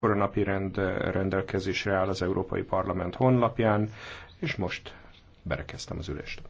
akkor a napi rend eh, rendelkezésre áll az Európai Parlament honlapján, és most berekeztem az ülést.